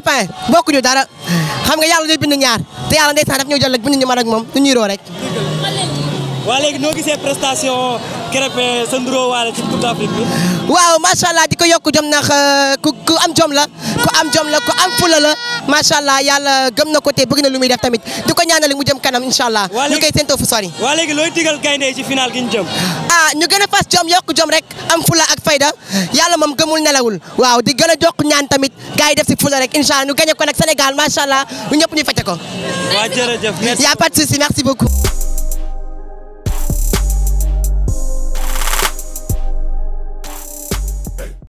pépin bokkuñu dara xam nga yàlla day bind ñaar te yàlla ndeysaan daf ñoo jël rek bind ñu man ak moom du ñuy roo rek. waa léegi noo gisee prestation Krépin sa nduroo waale ci Coupe d'Afrique waaw macha allah di ko yokk jom ndax euh, ku am jom la ku am jom la ku am fula la macha allah yàlla gëm na ko te def tamit di ko mu jëm kanam incha allah. ñu koy séntoo fu sori. waa léegi looy digal gaynde ci final gi jëm. ah ñu gën a fas jom yokk jom rek am fula ak fayda yàlla moom gëmul nelawul waaw di gën a ñaan tamit gars def si fula rek incha allah ñu gagné ko nag Sénégal macha allah ñun ñëpp ñu fete a merci beaucoup.